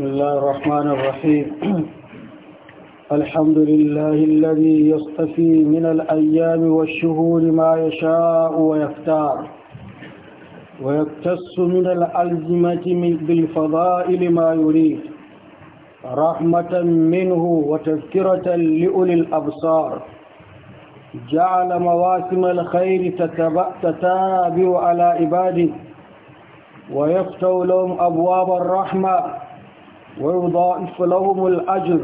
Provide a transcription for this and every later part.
بسم الله الرحمن الرحيم الحمد لله الذي يصطفي من الأيام والشهور ما يشاء ويختار ويقتص من الألزمة بالفضائل ما يريد رحمة منه وتذكرة لأولي الأبصار جعل مواسم الخير تتابع على عباده ويفتح لهم أبواب الرحمة ويضاعف لهم الأجر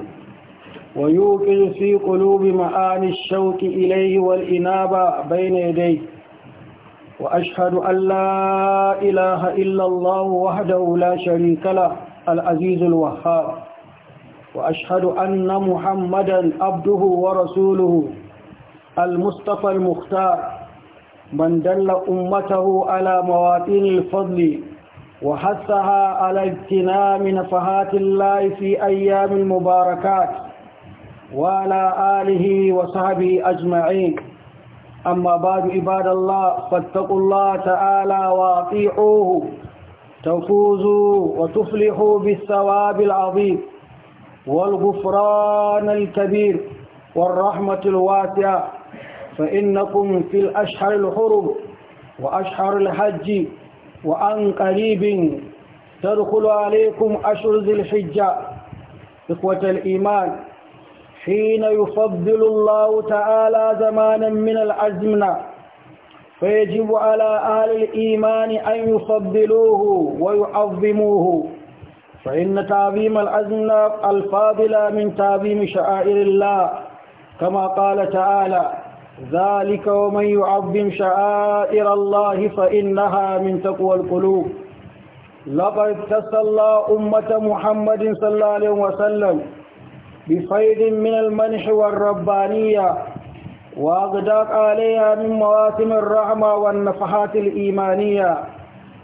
ويوقظ في قلوب معاني الشوك إليه والإنابة بين يديه وأشهد أن لا إله إلا الله وحده لا شريك له العزيز الوهاب وأشهد أن محمدا عبده ورسوله المصطفى المختار من دل أمته على مواطن الفضل وحثها على اجتنام نفحات الله في أيام المباركات وعلى آله وصحبه أجمعين أما بعد عباد الله فاتقوا الله تعالى وأطيعوه تفوزوا وتفلحوا بالثواب العظيم والغفران الكبير والرحمة الواسعة فإنكم في الأشهر الحرم وأشهر الحج وعن قريب تدخل عليكم أشهر ذي الحجة إخوة الإيمان حين يفضل الله تعالى زمانا من الأزمنة فيجب على أهل الإيمان أن يفضلوه ويعظموه فإن تعظيم الأزمنة الفاضلة من تعظيم شعائر الله كما قال تعالى ذلك ومن يعظم شعائر الله فإنها من تقوى القلوب لقد تسلى أمة محمد صلى الله عليه وسلم بصيد من المنح والربانية وأغداق عليها من مواسم الرحمة والنفحات الإيمانية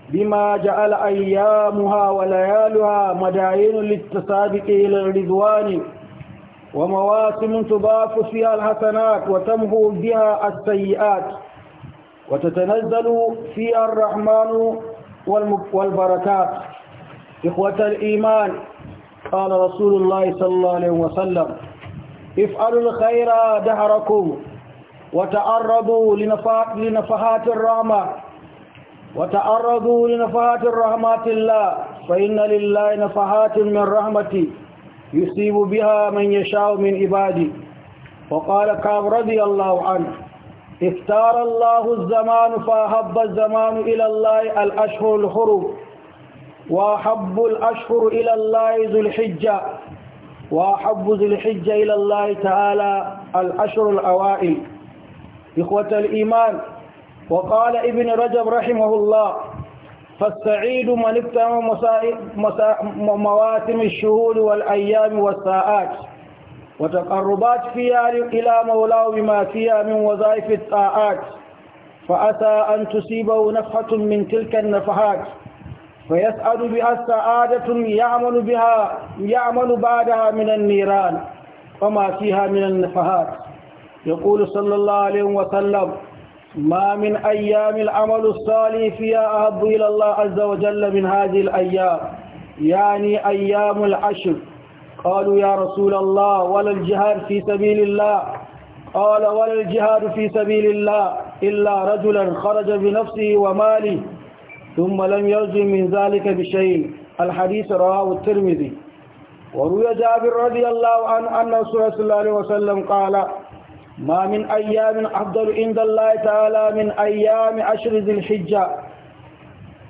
بما جعل أيامها وليالها مداين للتسابق إلى الرضوان ومواسم تضاف فيها الحسنات وتمحو بها السيئات وتتنزل فيها الرحمن والبركات إخوة الإيمان قال رسول الله صلى الله عليه وسلم افعلوا الخير دهركم وتعرضوا لنفحات الرحمة وتعرضوا لنفحات الرحمات الله فإن لله نفحات من رحمته يصيب بها من يشاء من عبادي وقال كعب رضي الله عنه اختار الله الزمان فأحب الزمان إلى الله الأشهر الحرم وأحب الأشهر إلى الله ذو الحجة وأحب ذو الحجة إلى الله تعالى الأشهر الأوائل إخوة الإيمان وقال ابن رجب رحمه الله فالسعيد من اكتمى مواسم الشهور والأيام والساعات وتقربات فيها إلى مولاه بما فيها من وظائف الطاعات فأتى أن تصيبه نفحة من تلك النفحات فيسعد بها السعادة يعمل بها يعمل بعدها من النيران وما فيها من النفحات يقول صلى الله عليه وسلم ما من أيام العمل الصالح فيها أحب إلى الله عز وجل من هذه الأيام يعني أيام العشر قالوا يا رسول الله ولا الجهاد في سبيل الله قال ولا الجهاد في سبيل الله إلا رجلا خرج بنفسه وماله ثم لم يرجع من ذلك بشيء الحديث رواه الترمذي وروي جابر رضي الله عنه أن رسول الله صلى الله عليه وسلم قال ما من أيام أفضل عند الله تعالى من أيام عشر ذي الحجة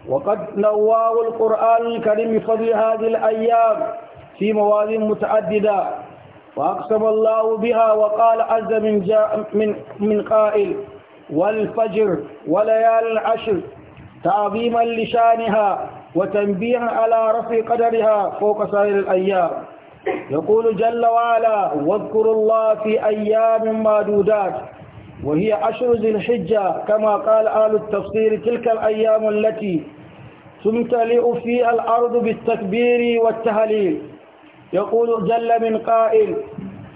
وقد نواه القرآن الكريم بفضل هذه الأيام في مواضع متعددة وأقسم الله بها وقال عز من, جاء من, من قائل والفجر وليالي العشر تعظيما لشانها وتنبيها على رفع قدرها فوق سائر الأيام يقول جل وعلا واذكروا الله في أيام معدودات وهي عشر ذي الحجة كما قال آل التفسير تلك الأيام التي تمتلئ فيها الأرض بالتكبير والتهليل يقول جل من قائل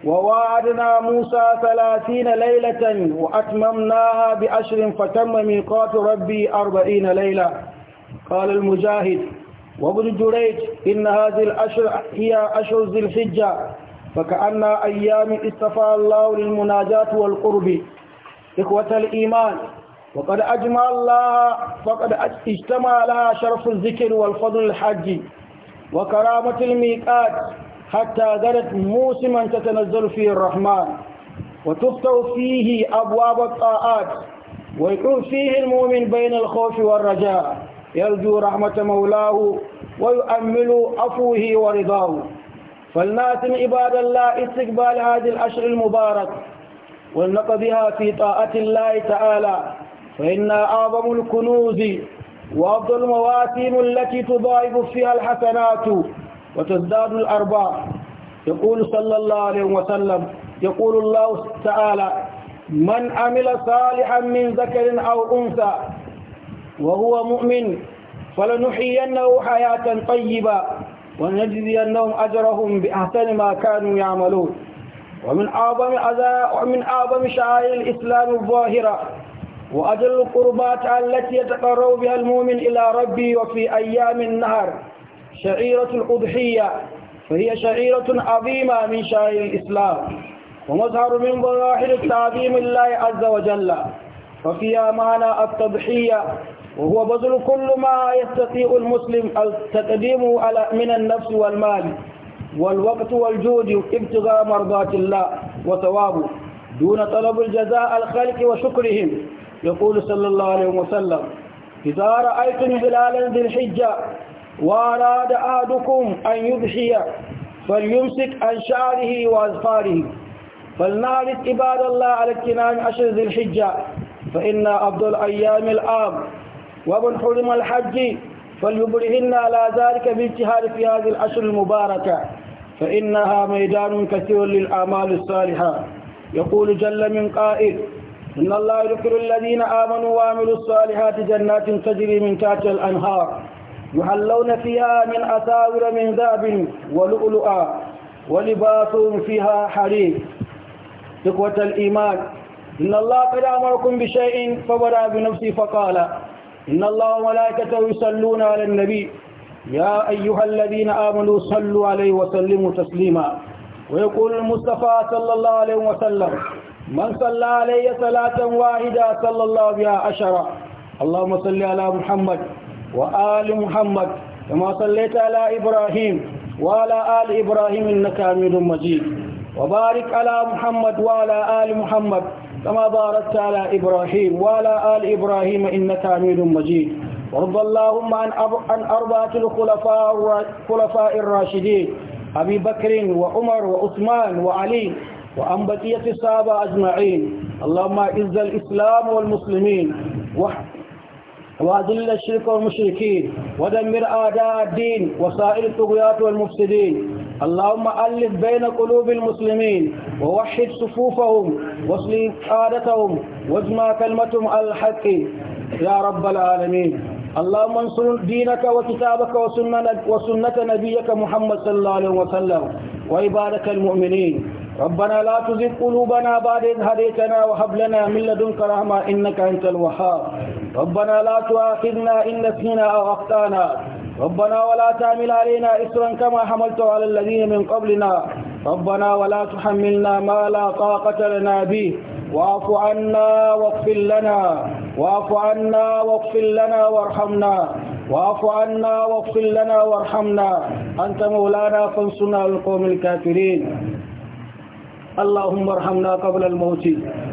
ووعدنا موسى ثلاثين ليلة وأتممناها بأشر فتم ميقات ربي أربعين ليلة قال المجاهد وابن جريج إن هذه الأشر هي أشهر ذي الحجة فكأن أيام استفى الله للمناجاة والقرب إخوة الإيمان وقد أجمع الله فقد اجتمع لها شرف الذكر والفضل الحج وكرامة الميقات حتى ذرت موسما تتنزل فيه الرحمن وتفتح فيه أبواب الطاعات ويكون فيه المؤمن بين الخوف والرجاء يرجو رحمة مولاه ويؤمل عفوه ورضاه فلناتم عباد الله استقبال هذه الأشر المبارك ولنقضها في طاعة الله تعالى فإن أعظم الكنوز وأفضل المواسم التي تضاعف فيها الحسنات وتزداد الأرباح يقول صلى الله عليه وسلم يقول الله تعالى من عمل صالحا من ذكر أو أنثى وهو مؤمن فلنحيينه حياة طيبة ونجزينهم أجرهم بأحسن ما كانوا يعملون ومن أعظم أذى ومن أعظم شعائر الإسلام الظاهرة وأجل القربات التي يتقرب بها المؤمن إلى ربي وفي أيام النهر شعيرة الأضحية فهي شعيرة عظيمة من شعائر الإسلام ومظهر من ظواهر تعظيم الله عز وجل ففيها معنى التضحية وهو بذل كل ما يستطيع المسلم تقديمه على من النفس والمال والوقت والجود ابتغاء مرضات الله وثوابه دون طلب الجزاء الخلق وشكرهم يقول صلى الله عليه وسلم إذا رأيتم هلالا ذي الحجة وأراد أحدكم أن يضحي فليمسك عن شعره وأظفاره فلنعرف عباد الله على اكتنام أشر ذي الحجة فإن أفضل أيام الآب ومن حرم الحج فليبرهن على ذلك بالجهاد في هذه الأشهر المباركة فإنها ميدان كثير للأعمال الصالحة يقول جل من قائل إن الله يذكر الذين آمنوا وعملوا الصالحات جنات تجري من تحت الأنهار يحلون فيها من أساور من ذهب ولؤلؤا ولباسهم فيها حرير إخوة الإيمان إن الله قد أمركم بشيء فبرأ بنفسي فقال إن الله وملائكته يصلون على النبي يا أيها الذين آمنوا صلوا عليه وسلموا تسليما ويقول المصطفى صلى الله عليه وسلم من صلى علي صلاة واحدة صلى الله بها عشرة اللهم صل على محمد وآل محمد كما صليت على إبراهيم وعلى آل إبراهيم إنك حميد مجيد وبارك على محمد وعلى آل محمد كما باركت على إبراهيم وعلى آل إبراهيم إنك حميد مجيد وارض اللهم عن عن أربعة الخلفاء الراشدين أبي بكر وعمر وعثمان وعلي وعن بقية الصحابة أجمعين اللهم أعز الإسلام والمسلمين وأذل الشرك والمشركين ودمر أعداء الدين وسائر الطغيات والمفسدين اللهم ألف بين قلوب المسلمين ووحد صفوفهم واصل قادتهم واجمع كلمتهم على الحق يا رب العالمين اللهم انصر دينك وكتابك وسنة, وسنة نبيك محمد صلى الله عليه وسلم وعبادك المؤمنين ربنا لا تزغ قلوبنا بعد إذ هديتنا وهب لنا من لدنك رحمة إنك أنت الوهاب ربنا لا تؤاخذنا إن نسينا أو أخطأنا ربنا ولا تعمل علينا إسرا كما حملت على الذين من قبلنا ربنا ولا تحملنا ما لا طاقة لنا به واعف عنا واغفر لنا واعف عنا واغفر لنا وارحمنا واعف عنا واغفر لنا وارحمنا أنت مولانا فانصرنا على القوم الكافرين اللهم ارحمنا قبل الموت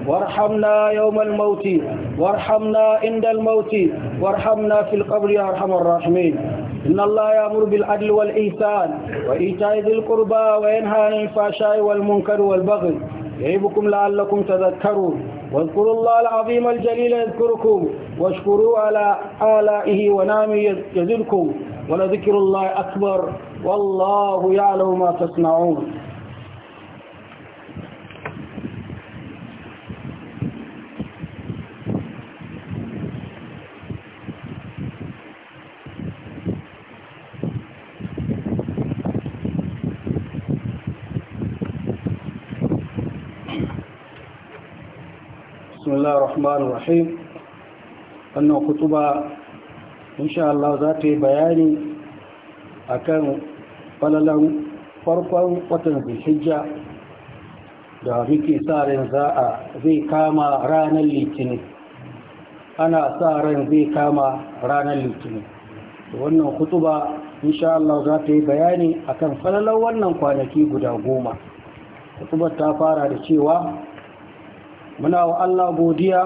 وارحمنا يوم الموت وارحمنا عند الموت وارحمنا في القبر يا ارحم الراحمين إن الله يأمر بالعدل والإحسان وإيتاء ذي القربى وينهى عن الفحشاء والمنكر والبغي يعظكم لعلكم تذكرون واذكروا الله العظيم الجليل يذكركم واشكروا على آلائه ونعمه يزدكم ولذكر الله أكبر والله يعلم ما تصنعون الرحمن الرحيم أنه zata yi bayani akan ذاتي بياني أكان فللا da muke sa ran za zai kama ranar litinin ana sa ran zai kama ranar litinin wannan kutuba insha Allah yi bayani akan falalar wannan kwanaki guda goma kutubar ta fara da cewa muna wa Allah godiya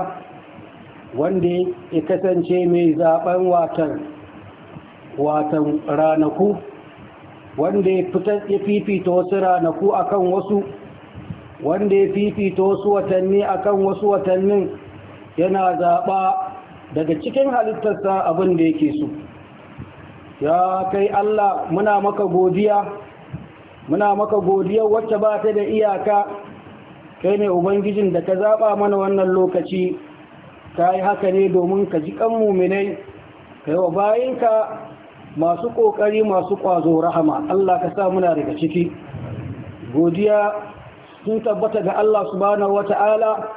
wanda ya kasance mai zaben watan watan ranaku wanda ya fifita wasu ranaku akan wasu wanda ya fifita wasu watanni akan wasu watannin yana zaɓa daga cikin halittarsa abin da yake so ya kai Allah muna maka godiya muna maka godiya wacce ba ta da iyaka kai ne ubangijin da ka zaɓa mana wannan lokaci ka yi haka ne domin ka ji kan muminai ka yi wa bayinka masu ƙoƙari masu ƙwazo rahama Allah ka sa muna daga ciki godiya sun tabbata ga Allah subhanahu wata'ala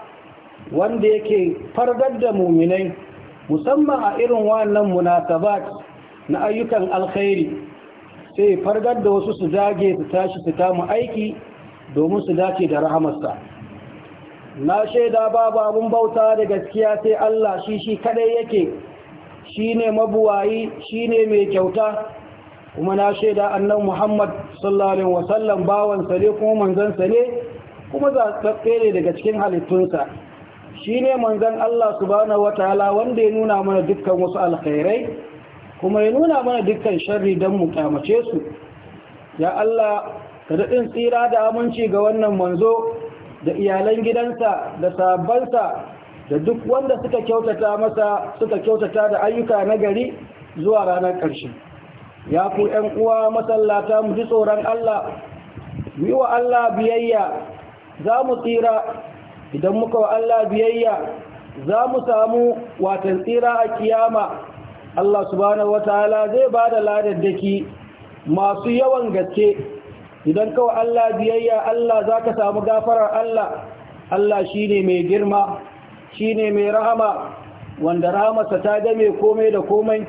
wanda yake fardar da muminai musamman a irin wannan munasabat na ayyukan alkhairi sai fardar da wasu su zage su tashi su aiki domin su dace da rahamarsa na shaida babu abin bauta da gaskiya sai Allah shi shi kadai yake ne mabuwayi shi ne mai kyauta kuma na shaida annan Muhammad sallallahu alaihi wasallam bawan sa ne kuma manzon sa ne kuma zaɓaɓɓe ne daga cikin halittunsa shi ne manzon Allah subhanahu wataala wanda ya nuna mana dukkan wasu alkhairai kuma ya nuna mana dukkan sharri dan mu kyamace su ya Allah da daɗin tsira da aminci ga wannan manzo da iyalan gidansa da sabansa da duk wanda suka kyautata masa suka kyautata da ayyuka na gari zuwa ranar ƙarshe ya ku ‘yan uwa masallata mu ji tsoron Allah yi wa Allah biyayya za mu tsira idan muka wa Allah biyayya za mu samu watan tsira a kiyama Allah subhanahu wataala zai ba da ladaddaki masu yawan gaske idan kawai Allah biyayya Allah za ka samu gafarar Allah Allah shi ne mai girma shi ne mai rahama wanda rahamarsa ta game komai da komai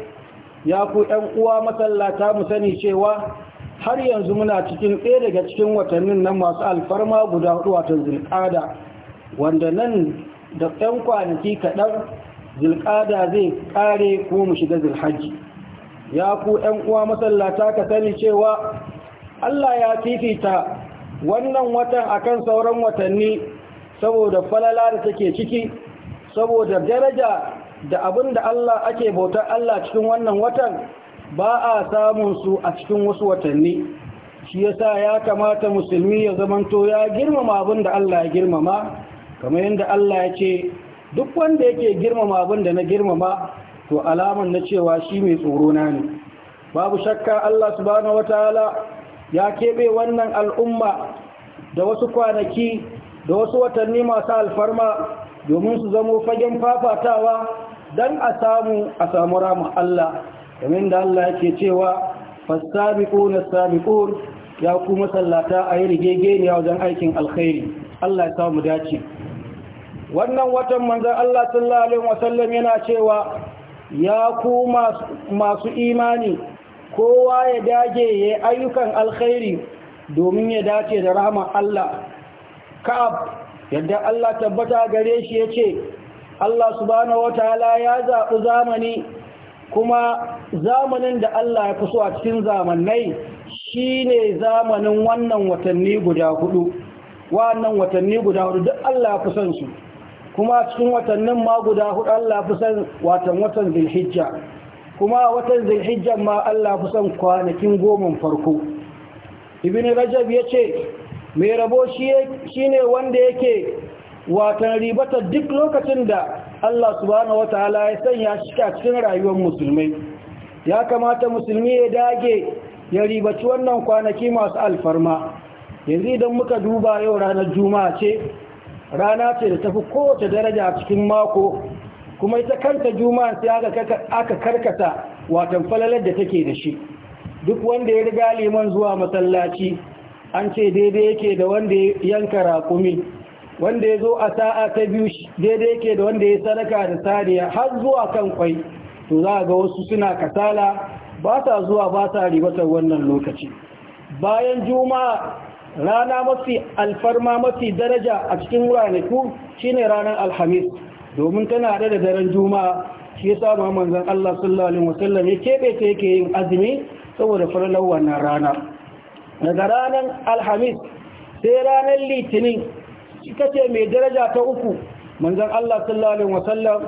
ya ku uwa masallata mu sani cewa har yanzu muna cikin ɗaya daga cikin watannin nan masu alfarma guda hudu watan zulƙada wanda nan da ɗan kwanaki kaɗan zulƙada zai ƙare ko mu shiga zulhaji ya ku uwa masallata ka sani cewa Allah ya titita wannan watan akan sauran watanni saboda falala da take ciki saboda daraja da abin da Allah ake bautar Allah cikin wannan watan ba a samun su a cikin wasu watanni shi yasa ya kamata musulmi ya zamanto ya girmama abin da Allah ya girmama kamar yadda Allah ya ce duk wanda yake girmama abin da na girmama to alaman na cewa shi mai tsoro na ne babu shakka Allah subhanahu wataala ya keɓe wannan al'umma da wasu kwanaki da wasu watanni masu alfarma domin su zamo fagen fafatawa don a samu a samu rama Allah domin da Allah yake cewa na nasabiqun ya kuma sallata a yi a wajen aikin alkhairi Allah ya samu dace wannan watan manzan Allah sun alaihi wasallam yana cewa ya ku masu imani kowa ya dage ya yi ayyukan alkhairi domin ya dace da rahama Allah ka'ab yadda Allah tabbata gare shi ya ce Allah subhanahu wataala ya zaɓi zamani kuma zamanin da Allah ya kusa a cikin zamanai shi ne zamanin wannan watanni guda hudu wannan watanni guda hudu duk Allah ya kusan su kuma cikin watannin ma guda hudu Allah ya fi watan watan zilhijja kuma watan zulhijjar ma Allah kusan kwanakin goman farko ibn rajab ya ce mai rabo shi ne wanda yake watan ribata duk lokacin da Allah subhanahu wataala ya sanya shi a cikin rayuwar musulmai ya kamata musulmi ya dage ya ribaci wannan kwanaki masu alfarma yanzu idan muka duba yau ranar juma'a ce rana ce da tafi kowace daraja a cikin mako kuma ita kanta Juma'an sai aka karkata watan falalar da take da shi duk wanda ya riga liman zuwa masallaci an ce daidai yake da wanda yanka raƙumi wanda ya zo a sa'a ta biyu daidai yake da wanda ya sadaka da sariya har zuwa kan kwai to za ga wasu suna kasala ba sa zuwa ba sa ribatar wannan lokaci bayan juma'a rana mafi alfarma mafi daraja a cikin ranaku shine ranar alhamis domin tana da daren juma'a shi yasa samu manzon Allah sallallahu alaihi wasallam ya kebe ta yake yin azumi saboda farlan wannan rana daga ranar alhamis sai ranar litinin ita ce mai daraja ta uku manzon Allah sallallahu alaihi wasallam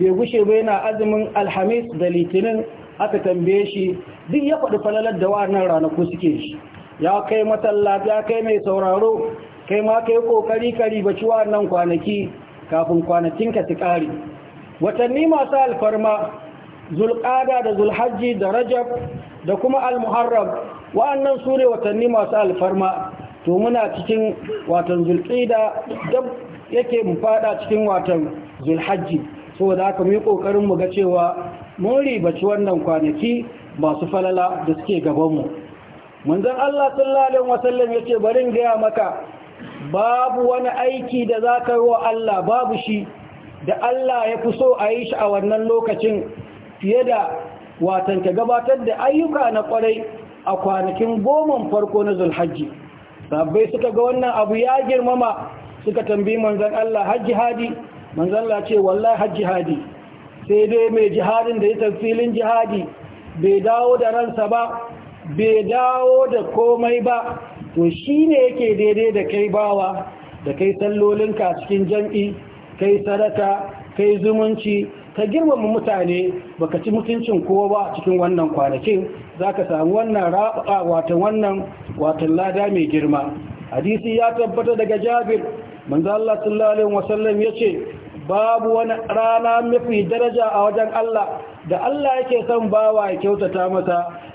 bai gushe ba yana azumin alhamis da litinin aka tambaye shi duk ya faɗi falalar da wannan ranaku suke shi ya kai matallafi ya kai mai sauraro kai ma kai kokari kari baci wannan kwanaki kafin kwanakin ka ƙare watanni masu alfarma zulƙada da zulhajji da rajab da kuma almuharram wa'annan su ne watanni masu alfarma to muna cikin watan zulƙida da yake mu fada cikin watan zulhajji saboda haka mu yi ƙoƙarin mu ga cewa mun ribaci wannan kwanaki masu falala da suke gabanmu manzon Allah sallallahu alaihi wasallam yace bari in gaya maka babu wani aiki da za ka yi wa Allah babu shi da Allah ya fi so a yi shi a wannan lokacin fiye da watan ka gabatar da ayyuka na kwarai a kwanakin goman farko na zulhajji Sabai suka ga wannan abu ya girmama suka tambi manzan Allah hajji hadi manzan Allah ce wallahi hajji hadi sai dai mai jihadin da ya filin jihadi bai dawo da ransa ba bai dawo da komai ba to shi ne yake daidai da kai bawa da kai sallolinka a cikin jam'i kai sadaka kai zumunci ka girmama mutane baka ci mutuncin kowa ba cikin wannan kwanakin Za ka samu wannan raba watan wannan watan lada mai girma hadisi ya tabbata daga Jabir manzo Allah sallallahu alaihi wasallam yace babu wani rana mafi daraja a wajen Allah da Allah yake son bawa ya kyautata masa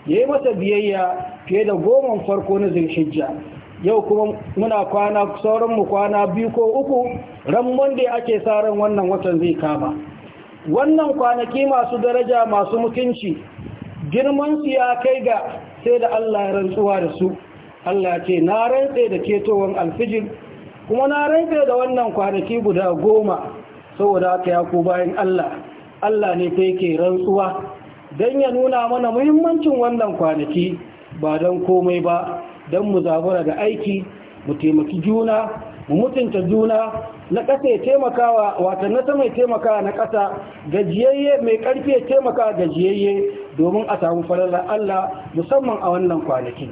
ya yi masa biyayya fiye da goman farko na zulhijja yau kuma muna kwana sauran mu kwana biyu ko uku ran monday ake sa ran wannan watan zai kama wannan kwanaki masu daraja masu mutunci girman su ya kai ga sai da Allah ya rantsuwa da su Allah ce na rantse da ketowan alfijir kuma na rantse da wannan kwanaki guda goma saboda haka ya ku bayan Allah Allah ne kai ke rantsuwa don ya nuna mana muhimmancin wannan kwanaki ba don komai ba don mu zabura da aiki mu taimaki juna mu mutunta juna na ƙasa ya taimakawa wata na ta mai taimakawa na ƙasa gajiyayye mai ƙarfi ya taimakawa gajiyayye domin a samu farar Allah musamman a wannan kwanaki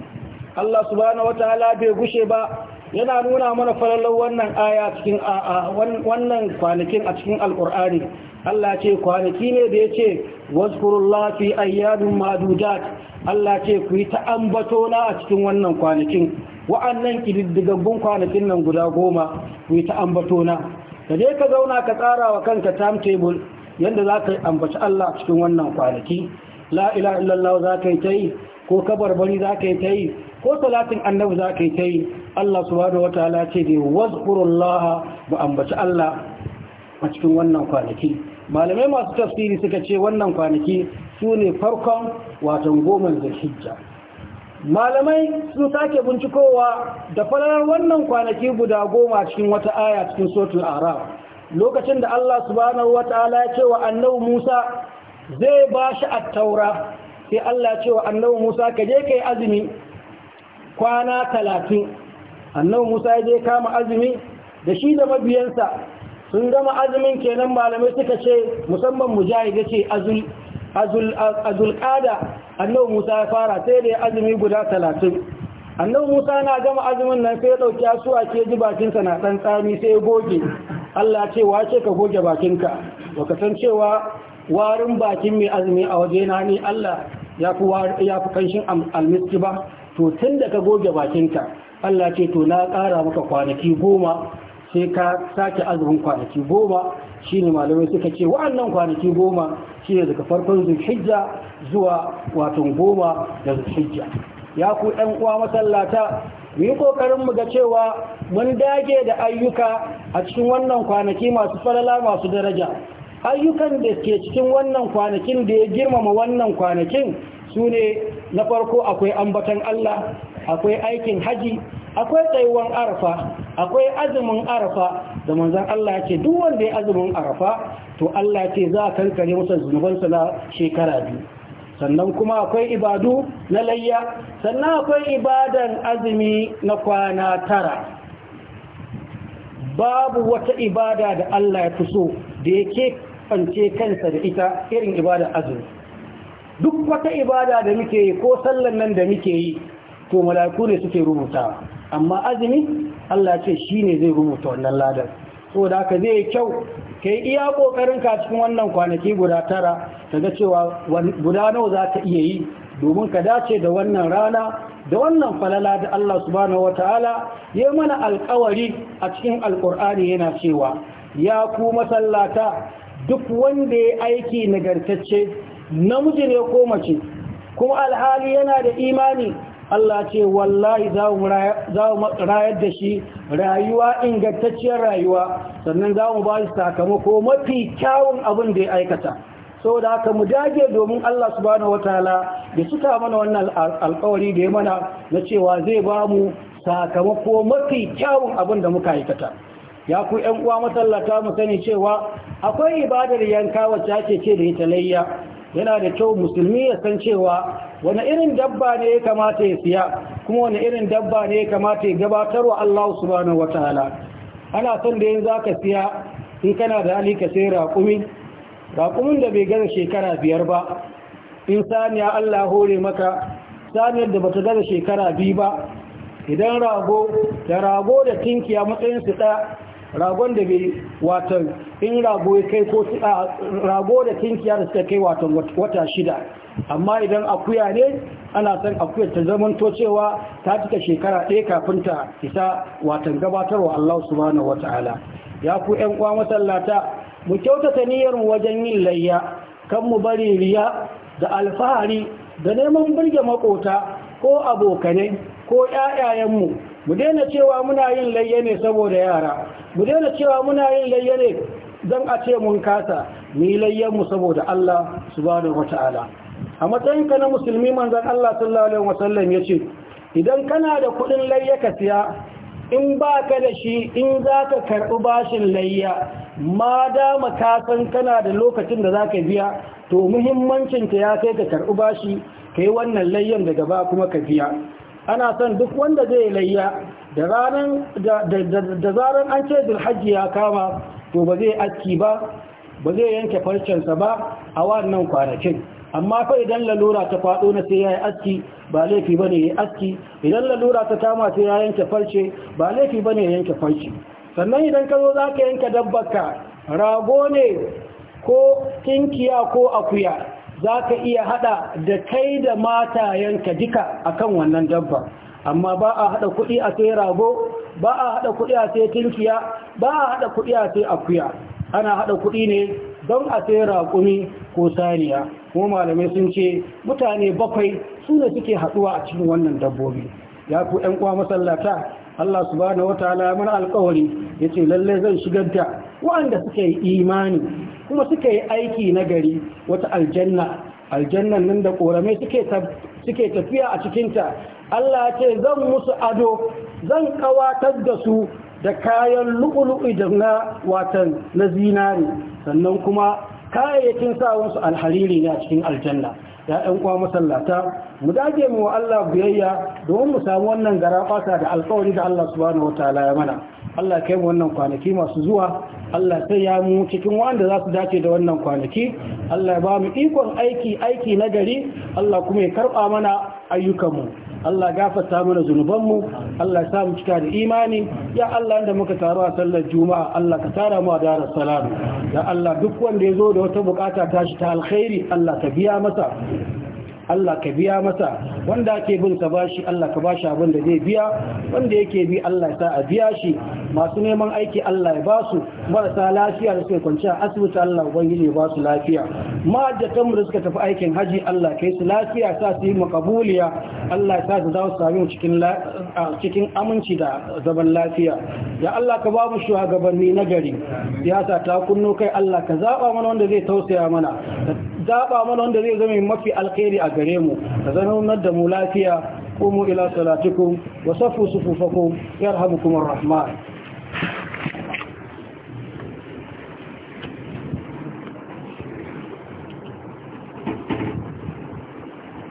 Allah subhanahu wataala bai gushe ba yana nuna mana falallar wannan aya cikin wannan kwanakin a cikin alkur'ani Allah ce kwanaki ne da ya ce wazkurullah fi ayyamin madudat Allah ce ku yi ta'ambato na a cikin wannan kwanakin wa'annan kididdigaggun kwanakin nan guda goma ku yi ta'ambato na da je ka zauna ka tsara wa kanka timetable yadda za ka ambaci Allah a cikin wannan kwanaki la ilaha illallah za ka yi ta yi ko kabar bari za ka yi ta yi ko salatin annabu za ka yi ta yi Allah su wata ala ce da wazkurullaha ba ambaci Allah a cikin wannan kwanaki malamai masu tafsiri suka ce wannan kwanaki su ne farkon watan goma hijja. malamai sun sake bincikowa da falalar wannan kwanaki guda goma cikin wata aya cikin sotun arab lokacin da Allah subhanahu wataala ya ce wa annabi Musa zai ba shi taura. sai Allah cewa annabi Musa ka je kai azumi kwana talatin annabi Musa ya je kama azumi da shi da mabiyansa sun gama azumin kenan malamai suka ce musamman mujahid ya ce azul azul azul qada annabi Musa ya fara sai da azumi guda talatin annabi Musa na gama azumin nan sai ya dauki asuwa ke ji bakinsa na dan tsami sai ya goge Allah ce wace ka goge bakinka baka san cewa warin bakin mai azumi a waje na ni Allah ya fi kanshin almiski ba to tun da ka goge bakinka Allah ce to na ƙara maka kwanaki goma sai ka sake azumin kwanaki goma shi ne malamai suka ce wa'annan kwanaki goma shi ne daga farkon zuhijja zuwa watan goma da zuhijja ya ku ɗan uwa masallata mu yi ƙoƙarin mu ga cewa mun dage da ayyuka a cikin wannan kwanaki masu falala masu daraja ayyukan da ke cikin wannan kwanakin da ya girmama wannan kwanakin su ne na farko akwai ambatan Allah akwai aikin haji akwai tsayuwan arafa akwai azumin arafa da manzan Allah ya ce duk wanda ya azumin arafa to Allah ce za a kankare masa zunubansa na shekara biyu sannan kuma akwai ibadu na layya sannan akwai ibadan azumi na kwana tara babu wata ibada da Allah ya fi so da yake siffance kansa da ita irin ibada azumi duk wata ibada da muke yi ko sallan nan da muke yi to malaku ne suke rubuta, amma azumi Allah ce shi ne zai rubuta wannan ladar so da aka zai kyau ka yi iya ƙoƙarin ka cikin wannan kwanaki guda tara ta ga cewa guda nawa za ta iya yi domin ka dace da wannan rana da wannan falala da Allah subhanahu wataala ya mana alƙawari a cikin alƙur'ani yana cewa ya ku masallata duk wanda ya aiki nagartacce namiji ne ko mace kuma alhali yana da imani Allah ce wallahi za mu rayar da shi rayuwa ingantacciyar rayuwa sannan za mu ba shi sakamako mafi kyawun abin da ya aikata saboda haka mu dage domin Allah subhanahu wataala ya cika mana wannan alƙawari da ya mana na cewa zai ba mu sakamako mafi kyawun abin da muka aikata ya ku ƴan uwa masallata mu sani cewa akwai ibadar yanka wacce ake ce da ita layya yana da kyau musulmi ya san cewa wani irin dabba ne ya kamata ya siya kuma wani irin dabba ne ya kamata ya gabatar wa Allah subhanahu wataala ana son da yin aka siya in kana da hali ka sai raƙumi raƙumin da bai gaza shekara biyar ba in saniya Allah hore maka saniyar da bata gaza shekara biyu ba idan rago da rago da tinkiya matsayin su ɗaya ragon da bai watan in rago ya kai ko rago da tinkiya da suka kai watan wata shida amma idan akuya ne ana san akuya ta zamanto cewa ta cika shekara ɗaya kafin ta isa watan gabatarwa Allah subhanahu wata'ala ya ku ƴan uwa masallata mu kyautata niyyar mu wajen yin layya kan mu bari riya da alfahari da neman burge makota ko abokanai ko mu, mu daina cewa muna yin layya ne saboda yara mu daina cewa muna yin layya ne don a ce mun kasa mu yi layyanmu saboda Allah subhanahu ta'ala a matsayinka na musulmi manzan Allah sallallahu alaihi wasallam ya ce idan kana da kuɗin layya ka siya in ba ka da shi in za ka karɓi bashin layya ma dama ka san kana da lokacin da za ka biya to muhimmancinta ya kai ka karɓi bashi ka yi wannan layyan daga ba kuma ka biya ana son duk wanda zai layya da zarar an ce zulhajji ya kama to ba zai aski ba ba zai yanke farcensa ba a wannan kwanakin amma fa idan lalura ta faɗo na sai ya yi aski ba laifi ba ne ya yi aski idan lalura ta kama sai ya yanke farce ba laifi ba ne ya yanke farce sannan idan ka zo za ka yanke dabbaka rago ne ko tinkiya ko akuya za ka iya hada da kai da mata yanka duka akan wannan dabbar amma ba a haɗa kuɗi a sai rago ba a haɗa kuɗi a sai tinkiya ba a haɗa kuɗi a sai akuya ana haɗa kuɗi ne don a sai raƙumi ko saniya Kuma malamai sun ce mutane bakwai su ne suke haɗuwa a cikin wannan dabbobi ya ku ƴan uwa masallata Allah su subhanahu wata ya alkawari. Ya ce lallai zan shigar da waɗanda suka yi imani kuma suka yi aiki na gari wata aljanna aljannan nan da ƙoramai suke tafiya a cikinta Allah ce zan musu ado zan kawatar da su da kayan lu'ulu'i da na watan na zinari sannan kuma kayayyakin sawansu alhariri ne a cikin aljanna ya ɗan kwa masallata mu dage mu Allah biyayya domin mu samu wannan gara da alƙawari da Allah subhanahu wataala ya mana Allah kai mu wannan kwanaki masu zuwa Allah sai ya mu cikin wanda za su dace da wannan kwanaki Allah ya ba mu ikon aiki aiki na gari Allah kuma ya karɓa mana ayyukanmu Allah gafarta mana zunubanmu Allah ya sa mu cika da imani ya Allah da muka taru a sallar juma'a Allah ka tara mu a darar salam ya Allah duk wanda ya zo da wata bukata tashi ta alkhairi Allah ka biya masa Allah ka biya masa wanda ake bin sa bashi Allah ka bashi abin da zai biya wanda yake bi Allah ya sa a biya shi masu neman aiki Allah ya basu marasa lafiya da suke kwanci a asibiti Allah ubangiji ba su lafiya mahajjatan mu da suka tafi aikin haji Allah kai su lafiya sa su yi makabuliya Allah ya sa su dawo su sami cikin cikin aminci da zaman lafiya ya Allah ka bamu shuwagabanni shugabanni na gari siyasa ta kunno kai Allah ka zaba mana wanda zai tausaya mana zaba mana wanda zai zama mafi alkhairi a gare mu ka zama da mu lafiya قوموا إلى صلاتكم وصفوا صفوفكم يرحمكم الرحمن